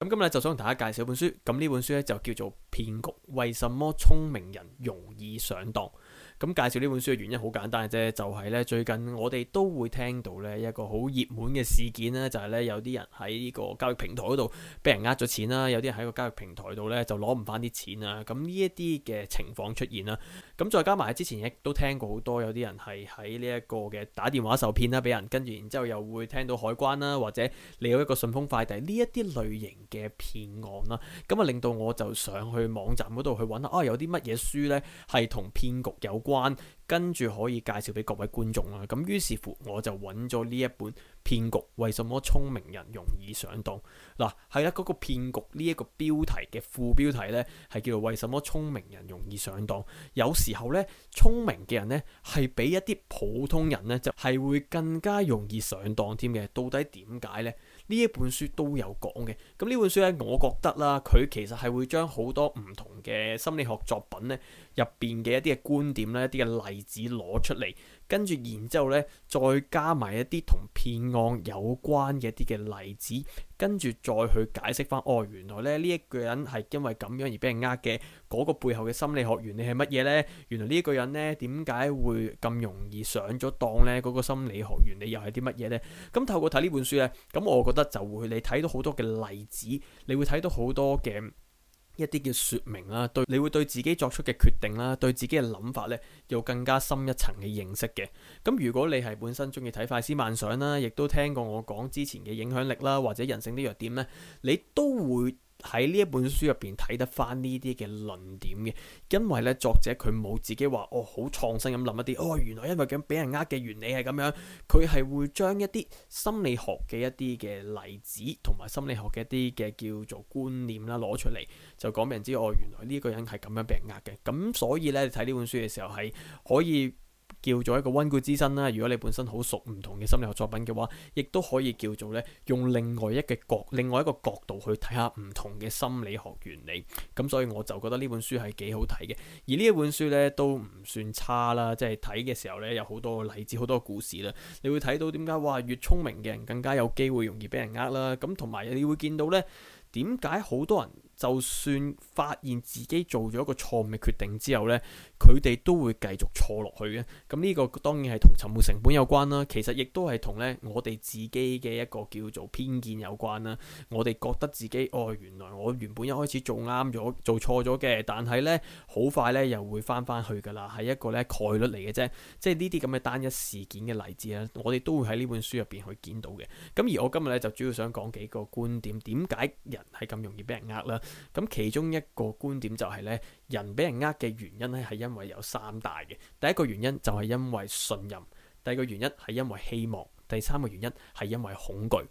咁今日咧就想同大家介紹一本書，咁呢本書咧就叫做《騙局：為什麼聰明人容易上當》。咁介紹呢本書嘅原因好簡單嘅啫，就係咧最近我哋都會聽到咧一個好熱門嘅事件咧，就係咧有啲人喺呢個交易平台嗰度俾人呃咗錢啦，有啲人喺個交易平台度咧就攞唔返啲錢啦。咁呢一啲嘅情況出現啦，咁再加埋之前亦都聽過好多有啲人係喺呢一個嘅打電話受騙啦，俾人跟住然之後又會聽到海關啦，或者你有一個順豐快遞呢一啲類型嘅騙案啦，咁啊令到我就上去網站嗰度去揾下啊有啲乜嘢書咧係同騙局有關。關，跟住可以介紹俾各位觀眾啦，咁於是乎我就揾咗呢一本《騙局：為什麼聰明人容易上當》嗱，係啦，嗰個騙局呢一個標題嘅副標題呢，係叫做《為什麼聰明人容易上當》。有時候呢，聰明嘅人呢，係比一啲普通人呢，就係會更加容易上當添嘅。到底點解呢？呢一本書都有講嘅。咁呢本書呢，我覺得啦，佢其實係會將好多唔同。嘅心理學作品咧，入邊嘅一啲嘅觀點咧，一啲嘅例子攞出嚟，跟住然之後咧，再加埋一啲同騙案有關嘅一啲嘅例子，跟住再去解釋翻，哦，原來咧呢一個人係因為咁樣而俾人呃嘅，嗰個背後嘅心理學原理係乜嘢呢？原來呢一個人呢點解會咁容易上咗當呢？嗰個心理學原理又係啲乜嘢呢？咁透過睇呢本書咧，咁我覺得就會你睇到好多嘅例子，你會睇到好多嘅。一啲嘅説明啦，對你會對自己作出嘅決定啦，對自己嘅諗法呢，有更加深一層嘅認識嘅。咁如果你係本身中意睇《快思慢想》啦，亦都聽過我講之前嘅影響力啦，或者人性的弱點呢，你都會。喺呢一本書入邊睇得翻呢啲嘅論點嘅，因為咧作者佢冇自己話哦，好創新咁諗一啲哦，原來因為咁俾人呃嘅原理係咁樣，佢係會將一啲心理學嘅一啲嘅例子同埋心理學嘅一啲嘅叫做觀念啦攞出嚟，就講俾人知哦，原來呢個人係咁樣俾人呃嘅，咁所以咧你睇呢本書嘅時候係可以。叫做一個溫故知新啦。如果你本身好熟唔同嘅心理學作品嘅話，亦都可以叫做咧用另外一個角、另外一個角度去睇下唔同嘅心理學原理。咁所以我就覺得呢本書係幾好睇嘅。而呢一本書咧都唔算差啦，即係睇嘅時候咧有好多例子、好多故事啦。你會睇到點解話，越聰明嘅人更加有機會容易俾人呃啦。咁同埋你會見到咧點解好多人，就算發現自己做咗一個錯誤嘅決定之後呢，佢哋都會繼續錯落去嘅。咁呢個當然係同沉沒成本有關啦，其實亦都係同呢我哋自己嘅一個叫做偏見有關啦。我哋覺得自己哦，原來我原本一開始做啱咗，做錯咗嘅，但係呢好快呢又會翻翻去㗎啦，係一個呢概率嚟嘅啫。即係呢啲咁嘅單一事件嘅例子啊，我哋都會喺呢本書入邊去見到嘅。咁而我今日呢，就主要想講幾個觀點，點解人係咁容易俾人呃啦？咁其中一個觀點就係咧，人俾人呃嘅原因咧，係因為有三大嘅。第一個原因就係因為信任，第二個原因係因為希望，第三個原因係因為恐懼。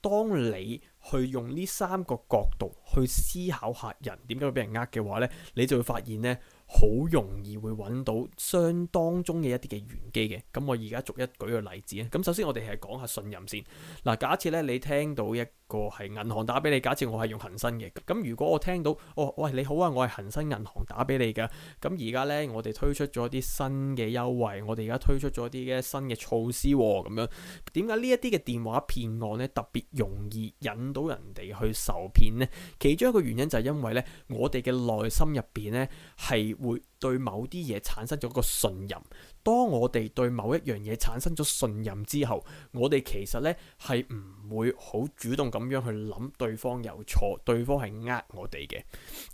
當你去用呢三個角度去思考下人點解會俾人呃嘅話咧，你就會發現咧，好容易會揾到相當中嘅一啲嘅玄機嘅。咁我而家逐一舉個例子咧。咁首先我哋係講下信任先。嗱，假設咧你聽到一個係銀行打俾你，假設我係用恒生嘅，咁如果我聽到，哦，喂，你好啊，我係恒生銀行打俾你嘅，咁而家呢，我哋推出咗啲新嘅優惠，我哋而家推出咗啲嘅新嘅措施喎，哦，咁樣點解呢一啲嘅電話騙案呢，特別容易引到人哋去受騙呢？其中一個原因就係因為呢，我哋嘅內心入邊呢，係會，對某啲嘢產生咗個信任，當我哋對某一樣嘢產生咗信任之後，我哋其實呢係唔會好主動咁樣去諗對方有錯，對方係呃我哋嘅。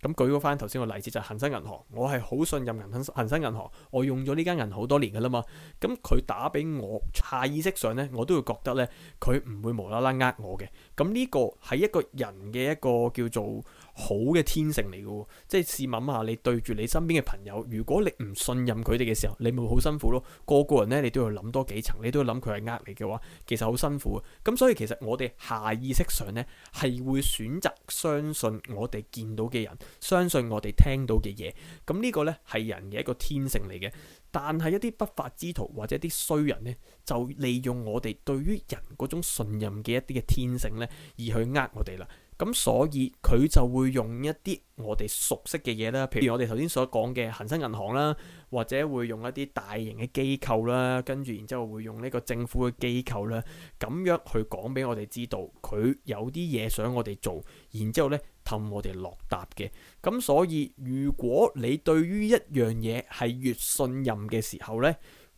咁、嗯、舉個翻頭先個例子，就係、恒生銀行，我係好信任恒生恒生銀行，我用咗呢間銀行好多年噶啦嘛，咁、嗯、佢打俾我，下意識上呢，我都會覺得呢，佢唔會無啦啦呃我嘅。咁、嗯、呢、呢個係一個人嘅一個叫做好嘅天性嚟嘅，即係試諗下，你對住你身邊嘅朋友，如果你唔信任佢哋嘅時候，你咪好辛苦咯。個個人呢，你都要諗多幾層，你都要諗佢係呃你嘅話，其實好辛苦。咁所以其實我哋下意識上呢，係會選擇相信我哋見到嘅人，相信我哋聽到嘅嘢。咁呢個呢，係人嘅一個天性嚟嘅，但係一啲不法之徒或者啲衰人呢，就利用我哋對於人嗰種信任嘅一啲嘅天性呢，而去呃我哋啦。咁所以佢就會用一啲我哋熟悉嘅嘢啦，譬如我哋頭先所講嘅恒生銀行啦，或者會用一啲大型嘅機構啦，跟住然之後會用呢個政府嘅機構咧，咁樣去講俾我哋知道，佢有啲嘢想我哋做，然之後呢氹我哋落答嘅。咁所以如果你對於一樣嘢係越信任嘅時候呢，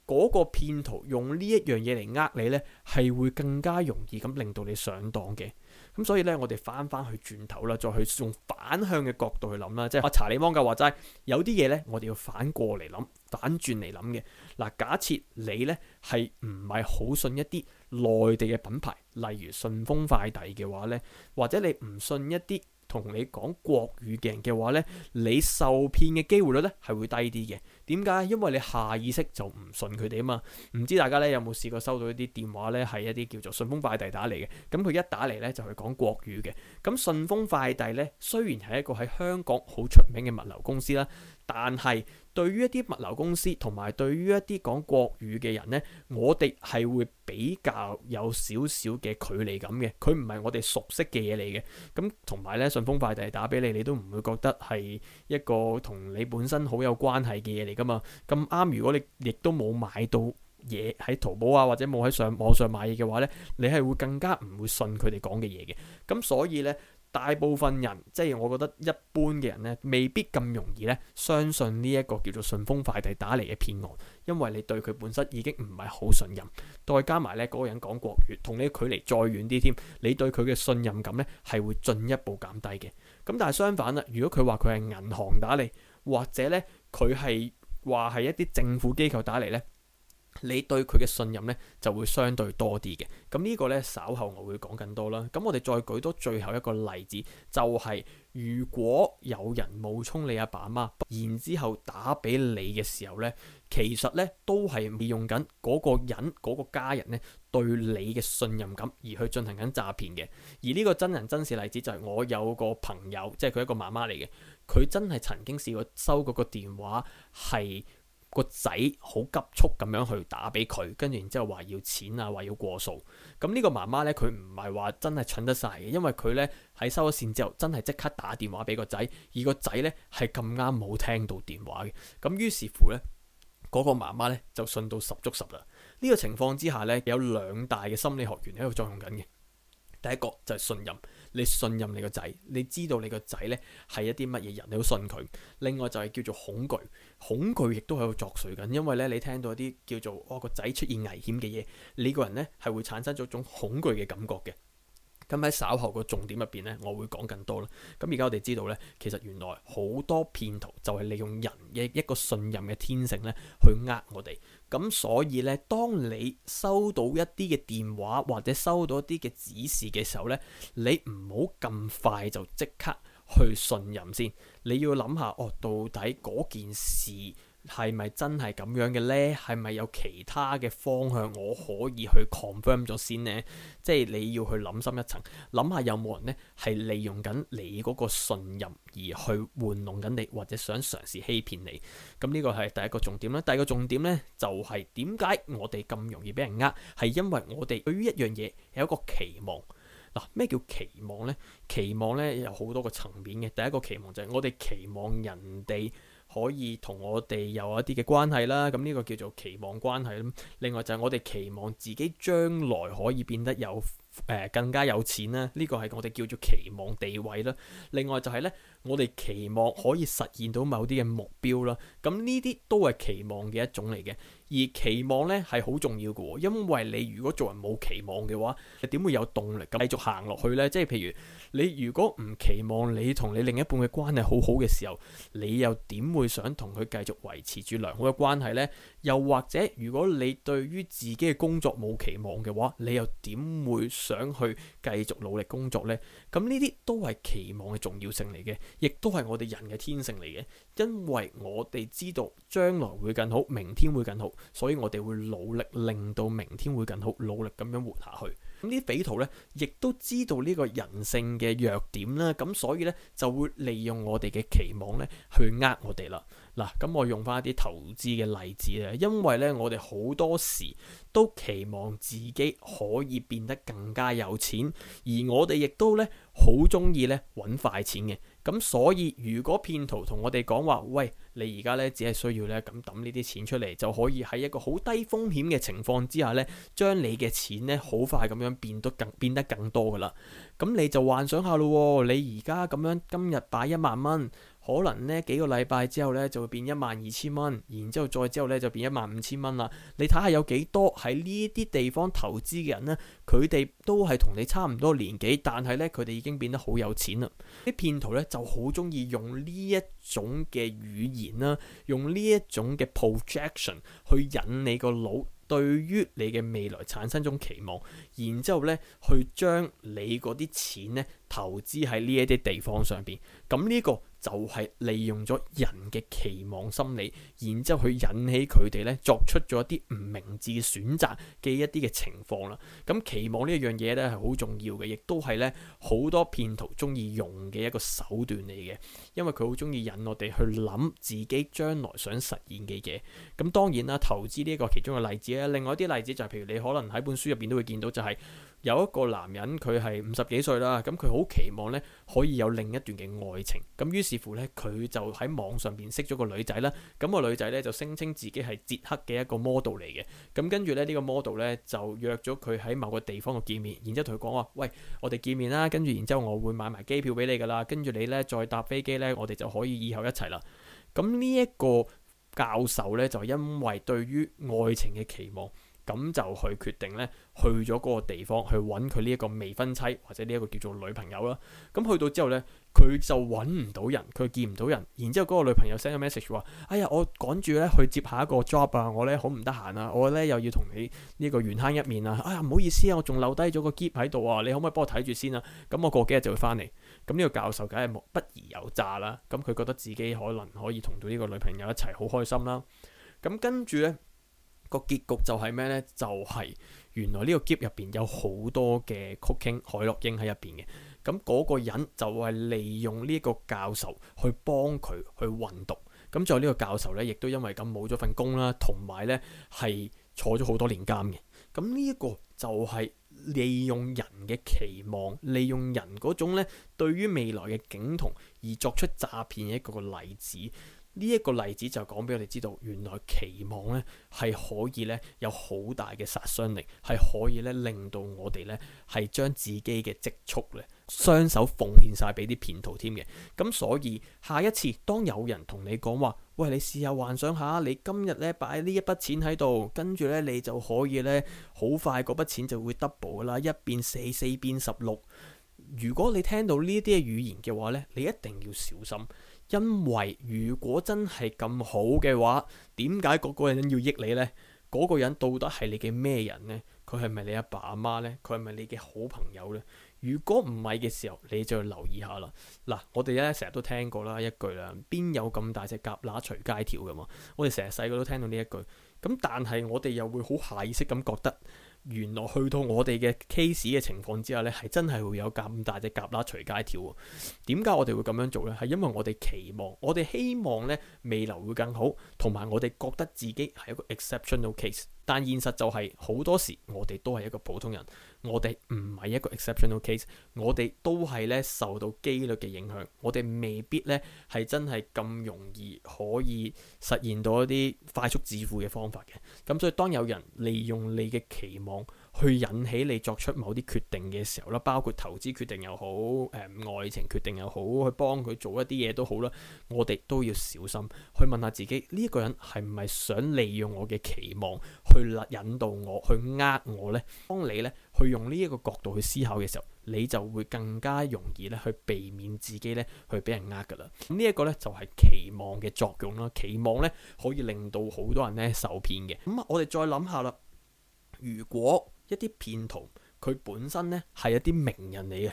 嗰個騙徒用呢一樣嘢嚟呃你呢，係會更加容易咁令到你上當嘅。咁所以咧，我哋翻翻去轉頭啦，再去用反向嘅角度去諗啦，即係阿查理芒格話齋，有啲嘢咧，我哋要反過嚟諗，反轉嚟諗嘅。嗱，假設你咧係唔係好信一啲內地嘅品牌，例如順豐快遞嘅話咧，或者你唔信一啲同你講國語嘅人嘅話呢，你受騙嘅機會率呢係會低啲嘅。點解？因為你下意識就唔信佢哋啊嘛。唔知大家呢有冇試過收到一啲電話呢，係一啲叫做順豐快遞打嚟嘅。咁佢一打嚟呢，就係講國語嘅。咁順豐快遞呢，雖然係一個喺香港好出名嘅物流公司啦，但係。對於一啲物流公司同埋對於一啲講國語嘅人呢，我哋係會比較有少少嘅距離感嘅。佢唔係我哋熟悉嘅嘢嚟嘅。咁同埋呢，順豐快遞打俾你，你都唔會覺得係一個同你本身好有關係嘅嘢嚟㗎嘛。咁啱，如果你亦都冇買到嘢喺淘寶啊，或者冇喺上網上買嘢嘅話呢，你係會更加唔會信佢哋講嘅嘢嘅。咁所以呢。大部分人即係，就是，我覺得一般嘅人咧，未必咁容易咧相信呢一個叫做順豐快遞打嚟嘅騙案，因為你對佢本身已經唔係好信任，再加埋咧嗰個人講國語，同你距離再遠啲添，你對佢嘅信任感咧係會進一步減低嘅。咁但係相反啦，如果佢話佢係銀行打嚟，或者咧佢係話係一啲政府機構打嚟咧。你對佢嘅信任呢，就會相對多啲嘅，咁呢個呢，稍後我會講更多啦。咁我哋再舉多最後一個例子，就係、是、如果有人冒充你阿爸阿媽，然之後打俾你嘅時候呢，其實呢都係利用緊嗰個人嗰、那個家人呢對你嘅信任感而去進行緊詐騙嘅。而呢個真人真事例子就係我有個朋友，即係佢一個媽媽嚟嘅，佢真係曾經試過收嗰個電話係。個仔好急速咁樣去打俾佢，跟住然之後話要錢啊，話要過數。咁呢個媽媽呢，佢唔係話真係蠢得晒嘅，因為佢呢喺收咗線之後，真係即刻打電話俾個仔，而個仔呢係咁啱冇聽到電話嘅。咁於是乎呢，嗰個媽媽呢就信到十足十啦。呢個情況之下呢，有兩大嘅心理學原理喺度作用緊嘅。第一個就係信任。你信任你個仔，你知道你個仔呢係一啲乜嘢人，你好信佢。另外就係叫做恐懼，恐懼亦都喺度作祟緊，因為呢，你聽到啲叫做我個仔出現危險嘅嘢，你個人呢係會產生咗一種恐懼嘅感覺嘅。咁喺稍後個重點入邊呢，我會講更多啦。咁而家我哋知道呢，其實原來好多騙徒就係利用人嘅一個信任嘅天性呢去呃我哋。咁所以呢，當你收到一啲嘅電話或者收到一啲嘅指示嘅時候呢，你唔好咁快就即刻去信任先，你要諗下，哦，到底嗰件事，係咪真係咁樣嘅呢？係咪有其他嘅方向我可以去 confirm 咗先呢？即係你要去諗深一層，諗下有冇人呢係利用緊你嗰個信任而去玩弄緊你，或者想嘗試欺騙你？咁、嗯、呢、呢個係第一個重點啦。第二個重點呢，就係點解我哋咁容易俾人呃？係因為我哋對於一樣嘢有一個期望。嗱、啊，咩叫期望呢？期望呢有好多個層面嘅。第一個期望就係我哋期望人哋。可以同我哋有一啲嘅關係啦，咁、這、呢個叫做期望關係。另外就係我哋期望自己將來可以變得有。誒、呃，更加有錢啦！呢個係我哋叫做期望地位啦。另外就係呢，我哋期望可以實現到某啲嘅目標啦。咁呢啲都係期望嘅一種嚟嘅。而期望呢係好重要嘅，因為你如果做人冇期望嘅話，你點會有動力繼續行落去呢？即係譬如你如果唔期望你同你另一半嘅關係好好嘅時候，你又點會想同佢繼續維持住良好嘅關係呢？又或者，如果你對於自己嘅工作冇期望嘅話，你又點會想去繼續努力工作呢？咁呢啲都係期望嘅重要性嚟嘅，亦都係我哋人嘅天性嚟嘅。因為我哋知道將來會更好，明天會更好，所以我哋會努力令到明天會更好，努力咁樣活下去。咁啲匪徒咧，亦都知道呢個人性嘅弱點啦，咁所以咧就會利用我哋嘅期望咧去呃我哋啦。嗱，咁我用返一啲投資嘅例子咧，因為咧我哋好多時都期望自己可以變得更加有錢，而我哋亦都咧好鍾意咧揾快錢嘅。咁所以如果騙徒同我哋講話，喂，你而家咧只係需要咧咁揼呢啲錢出嚟，就可以喺一個好低風險嘅情況之下咧，將你嘅錢咧好快咁樣變得更變得更多噶啦。咁你就幻想下咯，你而家咁樣今日擺一萬蚊。可能呢幾個禮拜之後呢，就會變一萬二千蚊，然之後再之後呢，就變一萬五千蚊啦。你睇下有幾多喺呢啲地方投資嘅人呢？佢哋都係同你差唔多年紀，但係呢，佢哋已經變得好有錢啦。啲騙徒呢，就好中意用呢一種嘅語言啦、啊，用呢一種嘅 projection 去引你個腦對於你嘅未來產生種期望，然之後呢，去將你嗰啲錢呢。投資喺呢一啲地方上邊，咁呢個就係利用咗人嘅期望心理，然之後去引起佢哋咧作出咗一啲唔明智選擇嘅一啲嘅情況啦。咁期望呢一樣嘢呢係好重要嘅，亦都係呢好多騙徒中意用嘅一個手段嚟嘅，因為佢好中意引我哋去諗自己將來想實現嘅嘢。咁當然啦，投資呢一個其中嘅例子啦，另外一啲例子就係、係、譬如你可能喺本書入邊都會見到、就係，就係。有一個男人，佢係五十幾歲啦，咁佢好期望呢可以有另一段嘅愛情，咁於是乎呢，佢就喺網上邊識咗個女仔啦，咁個女仔呢就聲稱自己係捷克嘅一個 model 嚟嘅，咁跟住呢，呢個 model 呢就約咗佢喺某個地方度見面，然之後同佢講話，喂，我哋見面啦，跟住然之後我會買埋機票俾你噶啦，跟住你呢，再搭飛機呢，我哋就可以以後一齊啦。咁呢一個教授呢，就因為對於愛情嘅期望。咁就去決定咧，去咗嗰個地方去揾佢呢一個未婚妻或者呢一個叫做女朋友啦。咁、嗯、去到之後呢，佢就揾唔到人，佢見唔到人。然之後嗰個女朋友 send 個 message 話：哎呀，我趕住咧去接下一個 job 啊，我咧好唔得閒啊，我咧又要同你呢個緣慳一面啊。哎呀，唔好意思啊，我仲留低咗個喼喺度啊，你可唔可以幫我睇住先啊？咁、嗯、我過幾日就會翻嚟。咁、嗯、呢、這個教授梗係不疑有詐啦。咁、嗯、佢覺得自己可能可以同到呢個女朋友一齊，好開心啦。咁、嗯、跟住呢。個結局就係咩呢？就係、是、原來呢個喼入邊有好多嘅可卡因海洛英喺入邊嘅，咁、那、嗰個人就係利用呢個教授去幫佢去運毒。咁就呢個教授呢，亦都因為咁冇咗份工啦，同埋呢係坐咗好多年監嘅。咁呢一個就係利用人嘅期望，利用人嗰種咧對於未來嘅景同，而作出詐騙嘅一個個例子。呢一個例子就講俾我哋知道，原來期望呢係可以呢，有好大嘅殺傷力，係可以呢令到我哋呢，係將自己嘅積蓄呢，雙手奉獻晒俾啲騙徒添嘅。咁所以下一次當有人同你講話，喂，你試下幻想下，你今日呢擺呢一筆錢喺度，跟住呢，你就可以呢，好快嗰筆錢就會 double 㗎啦，一變四，四變十六。如果你聽到呢啲嘅語言嘅話呢，你一定要小心。因為如果真係咁好嘅話，點解嗰個人要益你呢？嗰個人到底係你嘅咩人呢？佢係咪你阿爸阿媽呢？佢係咪你嘅好朋友呢？如果唔係嘅時候，你就要留意下啦。嗱，我哋咧成日都聽過啦，一句啦，邊有咁大隻蛤乸隨街跳㗎嘛？我哋成日細個都聽到呢一句。咁但係我哋又會好下意識咁覺得。原來去到我哋嘅 case 嘅情況之下，呢係真係會有咁大隻蛤乸隨街跳啊！點解我哋會咁樣做呢？係因為我哋期望，我哋希望呢，未來會更好，同埋我哋覺得自己係一個 exceptional case。但現實就係、是、好多時，我哋都係一個普通人，我哋唔係一個 exceptional case，我哋都係咧受到機率嘅影響，我哋未必咧係真係咁容易可以實現到一啲快速致富嘅方法嘅。咁所以當有人利用你嘅期望。去引起你作出某啲決定嘅時候啦，包括投資決定又好，誒、呃、愛情決定又好，去幫佢做一啲嘢都好啦，我哋都要小心去問下自己，呢、這、一個人係唔係想利用我嘅期望去引導我，去呃我呢？當你咧去用呢一個角度去思考嘅時候，你就會更加容易咧去避免自己咧去俾人呃噶啦。咁、嗯這個、呢一個咧就係、是、期望嘅作用啦，期望咧可以令到好多人咧受騙嘅。咁、嗯、我哋再諗下啦，如果一啲騙徒，佢本身咧係一啲名人嚟嘅，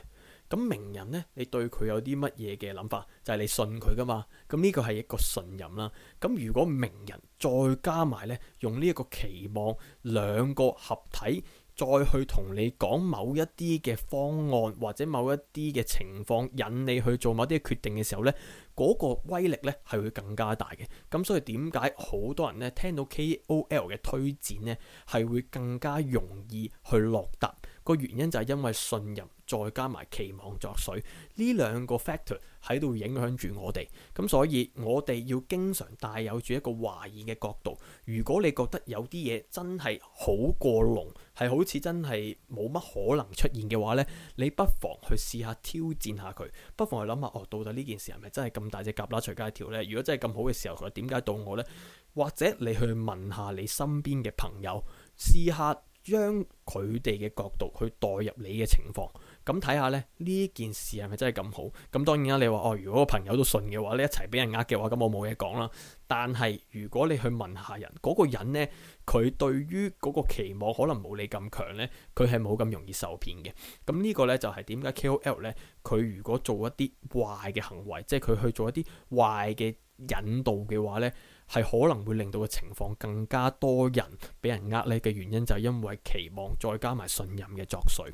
咁名人咧，你對佢有啲乜嘢嘅諗法？就係你信佢噶嘛，咁呢個係一個信任啦。咁如果名人再加埋咧，用呢一個期望兩個合體。再去同你講某一啲嘅方案或者某一啲嘅情況，引你去做某啲決定嘅時候呢，嗰個威力呢係會更加大嘅。咁所以點解好多人呢聽到 KOL 嘅推薦呢係會更加容易去落疊？個原因就係因為信任再加埋期望作祟呢兩個 factor，喺度影響住我哋，咁所以我哋要經常帶有住一個懷疑嘅角度。如果你覺得有啲嘢真係好過龍，係好似真係冇乜可能出現嘅話呢，你不妨去試下挑戰下佢，不妨去諗下，「哦，到底呢件事係咪真係咁大隻蛤乸隨街跳呢？如果真係咁好嘅時候，佢點解到我呢？」或者你去問下你身邊嘅朋友，試下將佢哋嘅角度去代入你嘅情況。咁睇下咧，呢件事係咪真係咁好？咁當然啦，你話哦，如果個朋友都信嘅話，你一齊俾人呃嘅話，咁我冇嘢講啦。但係如果你去問下人，嗰個人呢，佢對於嗰個期望可能冇你咁強呢，佢係冇咁容易受騙嘅。咁呢個呢，就係點解 KOL 呢，佢如果做一啲壞嘅行為，即係佢去做一啲壞嘅引導嘅話呢，係可能會令到個情況更加多人俾人呃咧嘅原因，就係因為期望再加埋信任嘅作祟。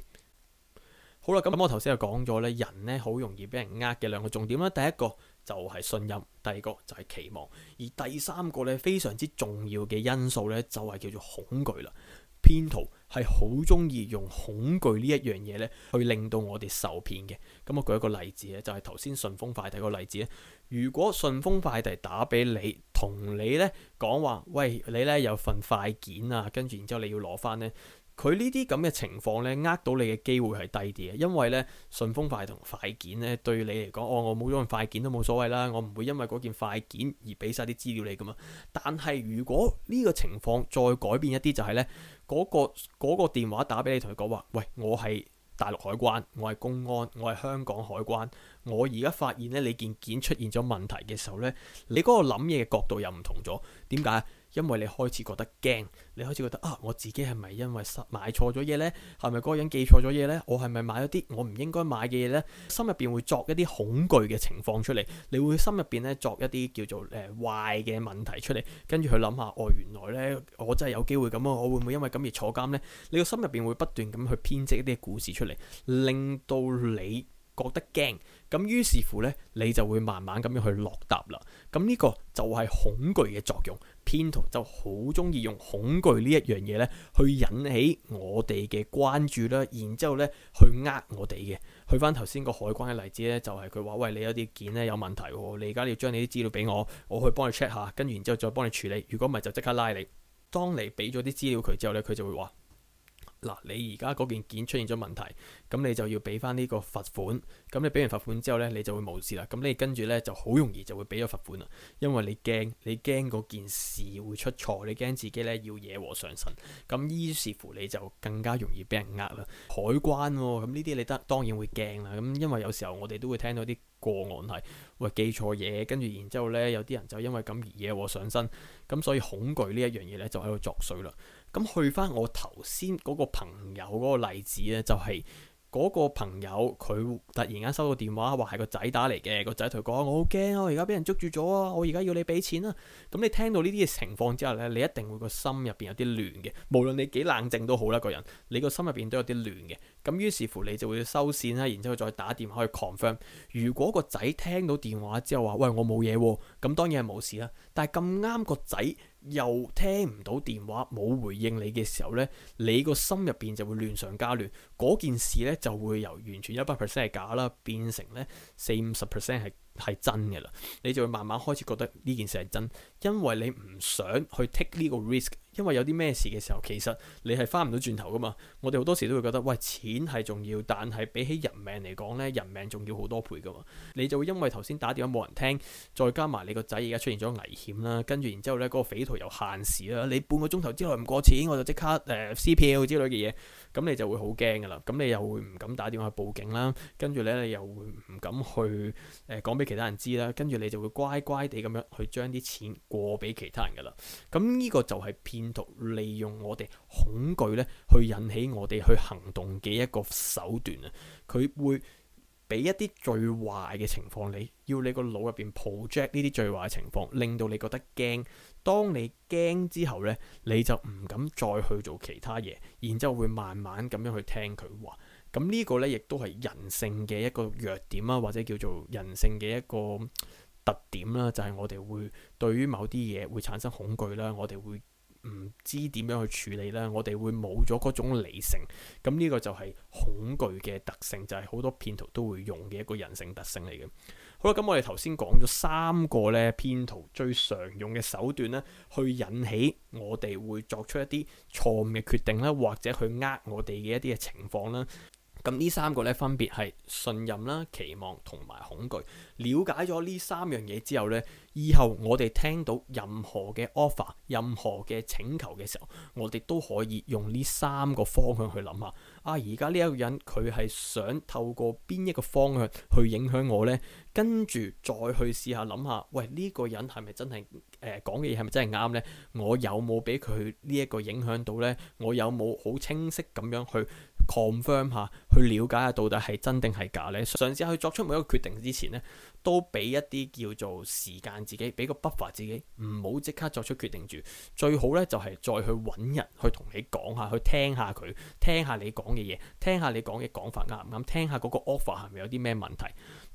好啦，咁我頭先就講咗咧，人咧好容易俾人呃嘅兩個重點啦。第一個就係信任，第二個就係期望，而第三個咧非常之重要嘅因素咧就係叫做恐懼啦。騙徒係好中意用恐懼呢一樣嘢咧，去令到我哋受騙嘅。咁我舉一個例子啊，就係頭先順豐快遞個例子咧。如果順豐快遞打俾你，同你咧講話，喂，你咧有份快件啊，跟住然之後你要攞翻呢。」佢呢啲咁嘅情況呢，呃到你嘅機會係低啲嘅，因為呢，順豐快同快件呢，對你嚟講，「哦我冇用快件都冇所謂啦，我唔會因為嗰件快件而俾晒啲資料你噶嘛。」但係如果呢個情況再改變一啲，就係呢嗰個嗰個電話打俾你同佢講話，喂，我係大陸海關，我係公安，我係香港海關，我而家發現呢，你件件出現咗問題嘅時候呢，你嗰個諗嘢嘅角度又唔同咗，點解？因為你開始覺得驚，你開始覺得啊，我自己係咪因為失買錯咗嘢呢？係咪嗰個人記錯咗嘢呢？我係咪買咗啲我唔應該買嘅嘢呢？心入邊會作一啲恐懼嘅情況出嚟，你會心入邊咧作一啲叫做誒壞嘅問題出嚟，跟住佢諗下哦，原來呢，我真係有機會咁啊，我會唔會因為咁而坐監呢？你個心入邊會不斷咁去編織一啲故事出嚟，令到你覺得驚，咁於是乎呢，你就會慢慢咁樣去落答啦。咁呢個就係恐懼嘅作用。騙徒就好中意用恐懼呢一樣嘢呢去引起我哋嘅關注啦，然之後呢去呃我哋嘅。去翻頭先個海關嘅例子呢，就係佢話：喂，你有啲件呢有問題喎，你而家要將你啲資料俾我，我去幫你 check 下，跟住然之後再幫你處理。如果唔係就即刻拉你。當你俾咗啲資料佢之後呢，佢就會話。嗱，你而家嗰件件出現咗問題，咁你就要俾翻呢個罰款。咁你俾完罰款之後呢，你就會無事啦。咁你跟住呢，就好容易就會俾咗罰款啦，因為你驚，你驚嗰件事會出錯，你驚自己呢要惹禍上身。咁於是乎你就更加容易俾人呃啦。海關喎、哦，咁呢啲你得當然會驚啦。咁因為有時候我哋都會聽到啲個案係喂記錯嘢，跟住然之後呢，有啲人就因為咁而惹禍上身。咁所以恐懼呢一樣嘢呢，就喺度作祟啦。咁去翻我頭先嗰個朋友嗰個例子呢，就係嗰個朋友佢突然間收到電話，話係個仔打嚟嘅，個仔同佢講：我好驚啊，我而家俾人捉住咗啊，我而家要你俾錢啊！咁你聽到呢啲嘅情況之後呢，你一定會個心入邊有啲亂嘅，無論你幾冷靜都好啦，個人你個心入邊都有啲亂嘅。咁於是乎你就會收線啦，然之後再打電話去 confirm。如果個仔聽到電話之後話：喂，我冇嘢喎，咁當然係冇事啦。但係咁啱個仔，又聽唔到電話，冇回應你嘅時候咧，你個心入邊就會亂上加亂，件事咧就會由完全一百 percent 係假啦，變成咧四五十 percent 係假。係真嘅啦，你就會慢慢開始覺得呢件事係真，因為你唔想去 take 呢個 risk，因為有啲咩事嘅時候，其實你係翻唔到轉頭噶嘛。我哋好多時都會覺得，喂，錢係重要，但係比起人命嚟講呢，人命仲要好多倍噶嘛。你就會因為頭先打電話冇人聽，再加埋你個仔而家出現咗危險啦，跟住然之後呢，嗰個匪徒又限時啦，你半個鐘頭之內唔過錢，我就即刻誒撕票之類嘅嘢。咁你就會好驚嘅啦，咁你又會唔敢打電話去報警啦，跟住咧你又會唔敢去誒講俾其他人知啦，跟住你就會乖乖地咁樣去將啲錢過俾其他人嘅啦。咁呢個就係騙徒利用我哋恐懼咧，去引起我哋去行動嘅一個手段啊！佢會俾一啲最壞嘅情況，你要你個腦入邊 project 呢啲最壞嘅情況，令到你覺得驚。當你驚之後呢，你就唔敢再去做其他嘢，然之後會慢慢咁樣去聽佢話。咁呢個呢，亦都係人性嘅一個弱點啦，或者叫做人性嘅一個特點啦，就係我哋會對於某啲嘢會產生恐懼啦，我哋會唔知點樣去處理啦，我哋會冇咗嗰種理性。咁呢個就係恐懼嘅特性，就係好多騙徒都會用嘅一個人性特性嚟嘅。好啦，咁我哋頭先講咗三個咧騙徒最常用嘅手段咧，去引起我哋會作出一啲錯誤嘅決定啦，或者去呃我哋嘅一啲嘅情況啦。咁呢三個咧分別係信任啦、期望同埋恐懼。了解咗呢三樣嘢之後呢，以後我哋聽到任何嘅 offer、任何嘅請求嘅時候，我哋都可以用呢三個方向去諗下。啊，而家呢一個人佢係想透過邊一個方向去影響我呢？跟住再去試下諗下，喂，呢個人係咪真係誒講嘅嘢係咪真係啱呢？我有冇俾佢呢一個影響到呢？我有冇好清晰咁樣去 confirm 下，去了解下到底係真定係假呢。嘗試去作出每一個決定之前呢，都俾一啲叫做時間自己，俾個 buffer 自己，唔好即刻作出決定住。最好呢，就係再去揾人去同你講下去聽下，聽下佢，聽下你講嘅嘢，聽下你講嘅講法啱唔啱，聽下嗰個 offer 係咪有啲咩問題。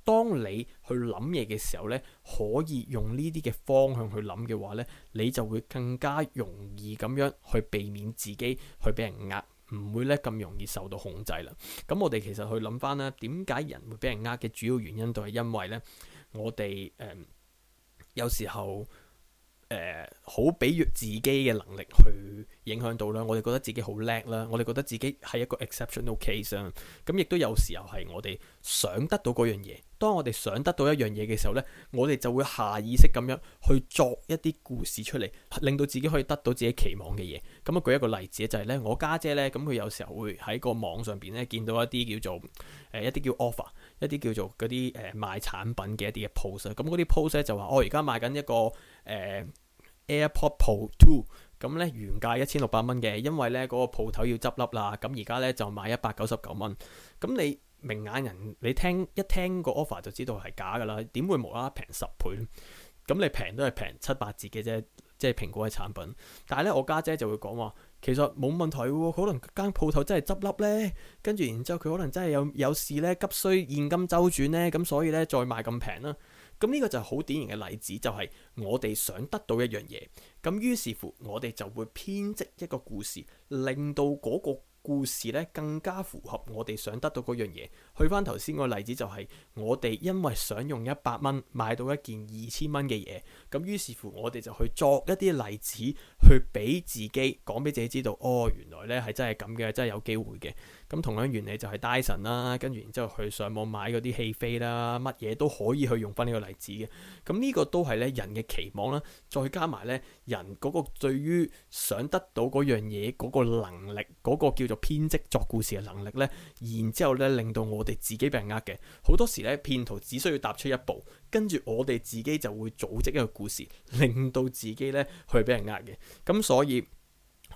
當你去諗嘢嘅時候呢，可以用呢啲嘅方向去諗嘅話呢，你就會更加容易咁樣去避免自己去俾人呃。唔會咧，咁容易受到控制啦。咁我哋其實去諗返咧，點解人會俾人呃嘅主要原因，都係因為咧，我哋誒、呃、有時候。誒好，呃、比自己嘅能力去影響到啦。我哋覺得自己好叻啦，我哋覺得自己係一個 exceptional case 啊。咁、嗯、亦都有時候係我哋想得到嗰樣嘢。當我哋想得到一樣嘢嘅時候呢，我哋就會下意識咁樣去作一啲故事出嚟，令到自己可以得到自己期望嘅嘢。咁、嗯、啊，舉一個例子就係、是、呢我家姐，姐呢。咁、嗯、佢有時候會喺個網上邊呢見到一啲叫做誒、呃、一啲叫 offer，一啲叫做嗰啲誒賣產品嘅一啲嘅 post。咁嗰啲 post 就話我而家賣緊一個。誒、嗯、AirPods Pro Two 咁咧原價一千六百蚊嘅，因為咧嗰、那個鋪頭要執笠啦，咁而家咧就賣一百九十九蚊。咁你明眼人，你聽一聽個 offer 就知道係假噶㗎啦，點會無啦啦平十倍？咁你平都係平七八字嘅啫，即係蘋果嘅產品。但係咧，我家姐，姐就會講話，其實冇問題喎，可能間鋪頭真係執笠咧，跟住然之後佢可能真係有有事咧，急需現金周轉咧，咁所以咧再賣咁平啦。咁呢個就係好典型嘅例子，就係我哋想得到一樣嘢，咁於是乎我哋就會編織一個故事，令到嗰個故事咧更加符合我哋想得到嗰樣嘢。去翻頭先個例子就係我哋因為想用一百蚊買到一件二千蚊嘅嘢，咁於是乎我哋就去作一啲例子去俾自己講俾自己知道，哦，原來呢係真係咁嘅，真係有機會嘅。咁同樣原理就係 Dyson 啦，跟住然之後去上網買嗰啲戲飛啦，乜嘢都可以去用翻呢個例子嘅。咁呢個都係呢人嘅期望啦，再加埋呢，人嗰個對於想得到嗰樣嘢嗰、嗰個能力，嗰、嗰個叫做編織作故事嘅能力呢，然之後呢令到我。自己俾人呃嘅，好多時咧，騙徒只需要踏出一步，跟住我哋自己就會組織一個故事，令到自己咧去俾人呃嘅。咁所以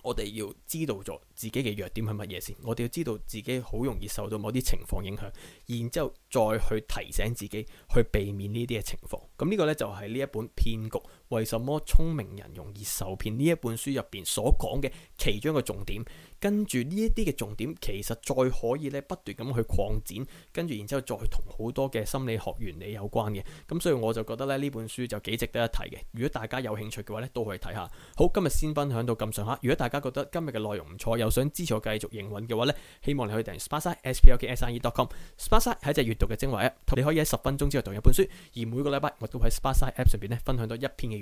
我哋要知道咗自己嘅弱點係乜嘢先，我哋要知道自己好容易受到某啲情況影響，然之後再去提醒自己去避免呢啲嘅情況。咁呢個咧就係、是、呢一本騙局。為什麼聰明人容易受騙？呢一本書入邊所講嘅其中一個嘅重點，跟住呢一啲嘅重點，其實再可以咧不斷咁去擴展，跟住然之後再同好多嘅心理學原理有關嘅。咁所以我就覺得咧呢本書就幾值得一睇嘅。如果大家有興趣嘅話咧，都可以睇下。好，今日先分享到咁上下。如果大家覺得今日嘅內容唔錯，又想支持我繼續營運嘅話咧，希望你可以訂閱 Sparksine sparksine.com。Sparksine 係一隻閲讀嘅精華 App，你可以喺十分鐘之內讀一本書，而每個禮拜我都喺 Sparksine app 上邊咧分享到一篇嘅。